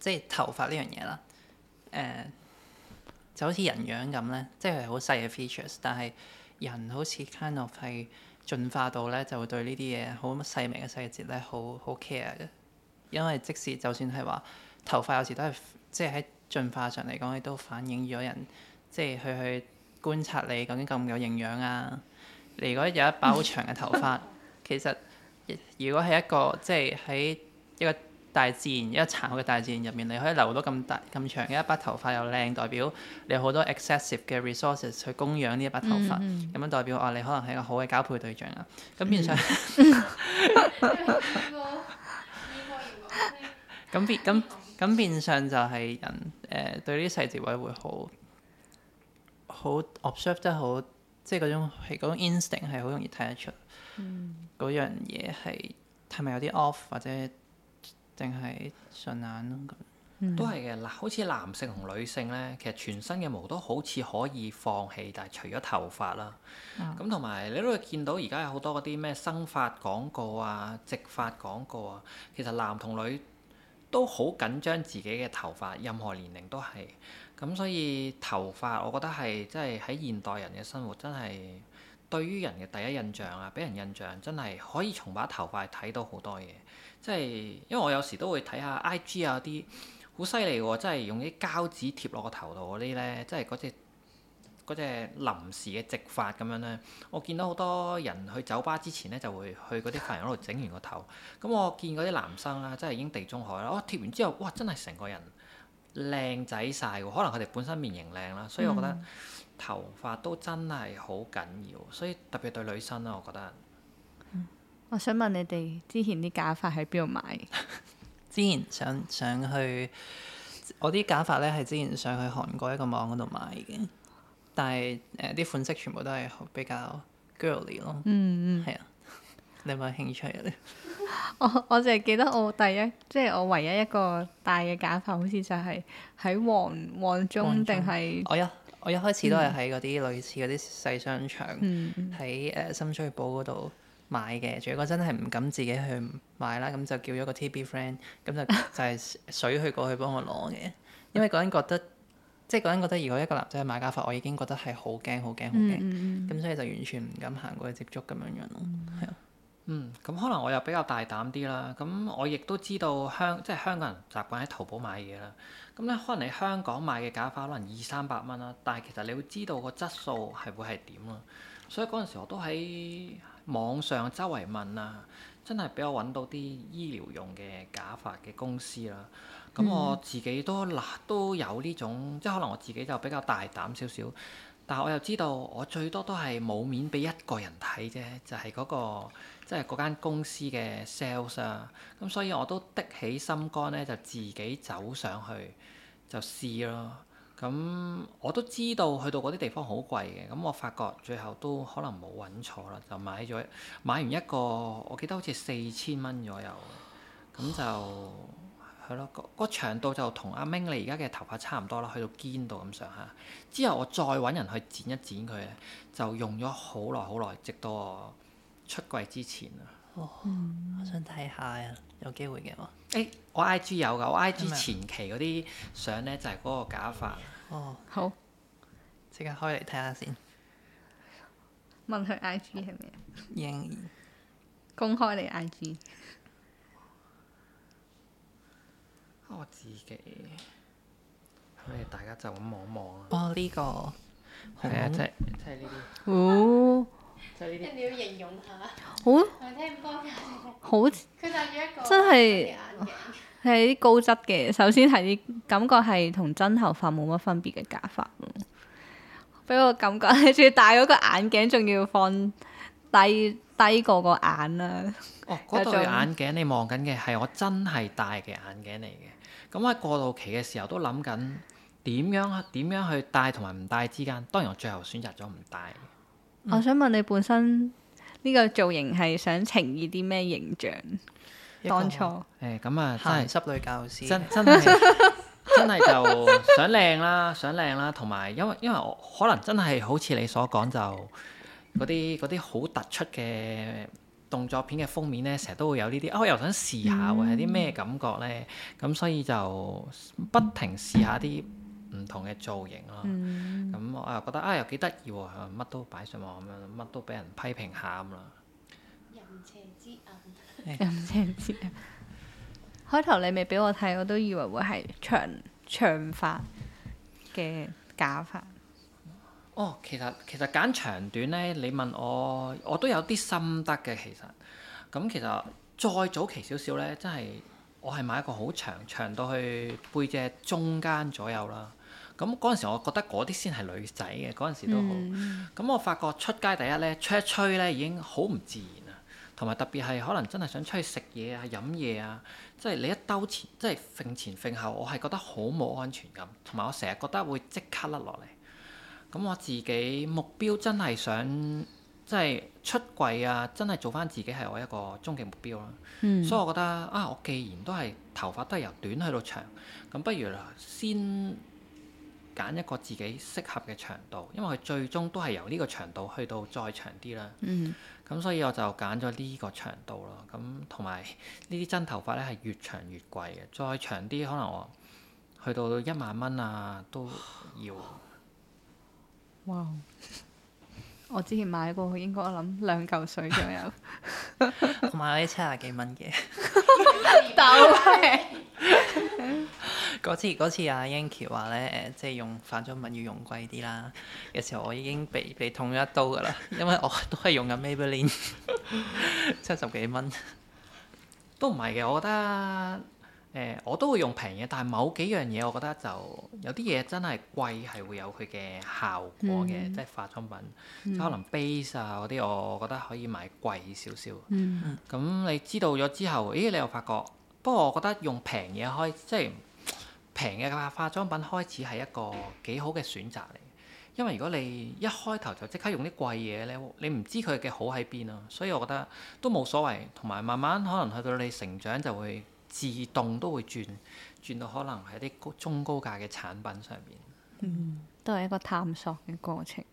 即係頭髮呢樣嘢啦，誒、呃、就好似人樣咁咧，即係好細嘅 features，但係人好似 kind of 係進化到咧，就會對呢啲嘢好細微嘅細節咧，好好 care 嘅。因為即使就算係話頭髮有時都係，即係喺進化上嚟講，亦都反映咗人，即係佢去、去觀察你究竟夠唔夠營養啊。你如果有一把好長嘅頭髮， 其實如果係一個即係喺一個大自然一個殘酷嘅大自然入面，你可以留到咁大咁長嘅一筆頭髮又靚，代表你有好多 excessive 嘅 resources 去供養呢一筆頭髮，咁樣代表哦，你可能係一個好嘅交配對象啊。咁變相咁變咁咁變相就係人，誒、對呢啲細節位會好好 observe 得好，即係嗰種係嗰種 instinct 係好容易睇得出嗰樣嘢係係咪有啲 off 或者？定係順眼咯咁、嗯、都係嘅嗱，好似男性同女性咧，其實全身嘅毛都好似可以放棄，但係除咗頭髮啦。咁同埋你都會見到而家有好多嗰啲咩生髮廣告啊、直髮廣告啊，其實男同女都好緊張自己嘅頭髮，任何年齡都係咁，所以頭髮我覺得係即係喺現代人嘅生活真係。對於人嘅第一印象啊，俾人印象真係可以從把頭髮睇到好多嘢。即係因為我有時都會睇下 I G 啊啲好犀利喎，即係用啲膠紙貼落個頭度嗰啲咧，即係嗰隻隻臨時嘅直髮咁樣咧。我見到好多人去酒吧之前咧，就會去嗰啲髮型度整完個頭。咁、嗯、我見嗰啲男生啦，真係已經地中海啦，我、哦、貼完之後，哇！真係成個人靚仔晒喎。可能佢哋本身面型靚啦，所以我覺得。嗯頭髮都真係好緊要，所以特別對女生啦、啊，我覺得。我想問你哋之前啲假髮喺邊度買？之前想 上，上去我啲假髮呢係之前上去韓國一個網嗰度買嘅，但係誒啲款式全部都係比較 girly 咯。嗯嗯，係是啊， 你有冇興趣 我？我我淨係記得我第一即係、就是、我唯一一個戴嘅假髮好，好似就係喺旺旺中定係我有。我一開始都係喺嗰啲類似嗰啲細商場，喺誒、嗯、深水埗嗰度買嘅，仲要嗰真係唔敢自己去買啦，咁就叫咗個 TB friend，咁就就係水去過去幫我攞嘅， 因為嗰陣覺得，即係嗰陣覺得如果一個男仔去買假髮，我已經覺得係好驚、好驚、好驚，咁、嗯、所以就完全唔敢行過去接觸咁樣樣咯，係啊、嗯。嗯，咁可能我又比較大膽啲啦，咁我亦都知道香即係香港人習慣喺淘寶買嘢啦，咁咧可能你香港買嘅假髮可能二三百蚊啦，但係其實你會知道個質素係會係點咯，所以嗰陣時我都喺網上周圍問啊，真係俾我揾到啲醫療用嘅假髮嘅公司啦，咁我自己都嗱、嗯、都有呢種，即係可能我自己就比較大膽少少，但我又知道我最多都係冇面俾一個人睇啫，就係嗰個。即係嗰間公司嘅 sales 啊，咁所以我都的起心肝咧，就自己走上去就試咯。咁我都知道去到嗰啲地方好貴嘅，咁我發覺最後都可能冇揾錯啦，就買咗買完一個，我記得好似四千蚊左右。咁就係咯，個、嗰個長度就同阿明你而家嘅頭髮差唔多啦，去到肩度咁上下。之後我再揾人去剪一剪佢咧，就用咗好耐好耐，直到我。出櫃之前啊，我想睇下啊，有機會嘅嘛？誒，我 IG 有㗎，我 IG 前期嗰啲相咧就係嗰個假髮。哦，好，即刻開嚟睇下先。問佢 IG 係咩？嬰兒公開嚟 IG。我自己，咁你大家就咁望望啊。哦，呢個係啊，即係即係呢啲。就係呢啲你要形容下，oh? 好好像，真係係啲高質嘅，首先係啲感覺係同真頭髮冇乜分別嘅假髮咯，俾我感覺，你仲要戴嗰個眼鏡仲要放低低過個眼啦。哦，嗰這種、哦、對眼鏡你望緊嘅係我真係戴嘅眼鏡嚟嘅，咁喺過渡期嘅時候都諗緊點樣點樣去戴同埋唔戴之間，當然我最後選擇咗唔戴。嗯、我想問你本身呢、呢個造型係想呈現啲咩形象？個當初誒咁、欸、啊，真係濕女教師，真真係 真係就想靚啦，想靚啦，同埋因為因為我可能真係好似你所講，就嗰啲嗰啲好突出嘅動作片嘅封面咧，成日都會有呢啲、哦，我又想試下喎，係啲咩感覺咧？咁、嗯、所以就不停試下啲唔同嘅造型咯，咁、嗯、我又覺得啊又幾得意喎，乜都擺上網咁樣，乜都俾人批評下咁啦。陰邪之暗，陰邪之啊！開頭你未俾我睇，我都以為會係長長髮嘅假髮。哦，其實其實揀長短咧，你問我，我都有啲心得嘅。其實咁其實再早期少少咧，真係我係買一個好長，長到去背脊中間左右啦。咁嗰陣時，我覺得嗰啲先係女仔嘅嗰陣時都好。咁我發覺出街第一咧吹一吹咧已經好唔自然啦，同埋特別係可能真係想出去食嘢啊、飲嘢啊，即係你一兜前即係瞓前瞓後，我係覺得好冇安全感。同埋我成日覺得會即刻甩落嚟。咁我自己目標真係想即係出櫃啊，真係做翻自己係我一個終極目標啦。嗯，所以我覺得啊，我既然都係頭髮都係由短去到長，咁不如先。揀一個自己適合嘅長度，因為佢最終都係由呢個長度去到再長啲啦。咁、嗯、所以我就揀咗呢個長度咯。咁同埋呢啲真頭髮咧係越長越貴嘅，再長啲可能我去到一萬蚊啊都要。哇！我之前買過，應該我諗兩嚿水左右。同埋買咗啲七十幾蚊嘅， 嗰 次嗰次阿英傑話咧誒，即係用化妝品要用貴啲啦。有時候我已經被被捅咗一刀㗎喇，因為我都係用緊 Maybelline， 七十幾蚊都唔係嘅。我覺得誒、呃，我都會用平嘅，但係某幾樣嘢我覺得就有啲嘢真係貴係會有佢嘅效果嘅，嗯、即係化妝品、嗯、可能 base 啊嗰啲，我覺得可以買貴少少。嗯咁你知道咗之後，咦？你又發覺？不過我覺得用平嘢開，即係平嘅化化妝品開始係一個幾好嘅選擇嚟。因為如果你一開頭就即刻用啲貴嘢咧，你唔知佢嘅好喺邊啊。所以我覺得都冇所謂，同埋慢慢可能去到你成長就會自動都會轉轉到可能係啲高中高價嘅產品上面。嗯，都係一個探索嘅過程。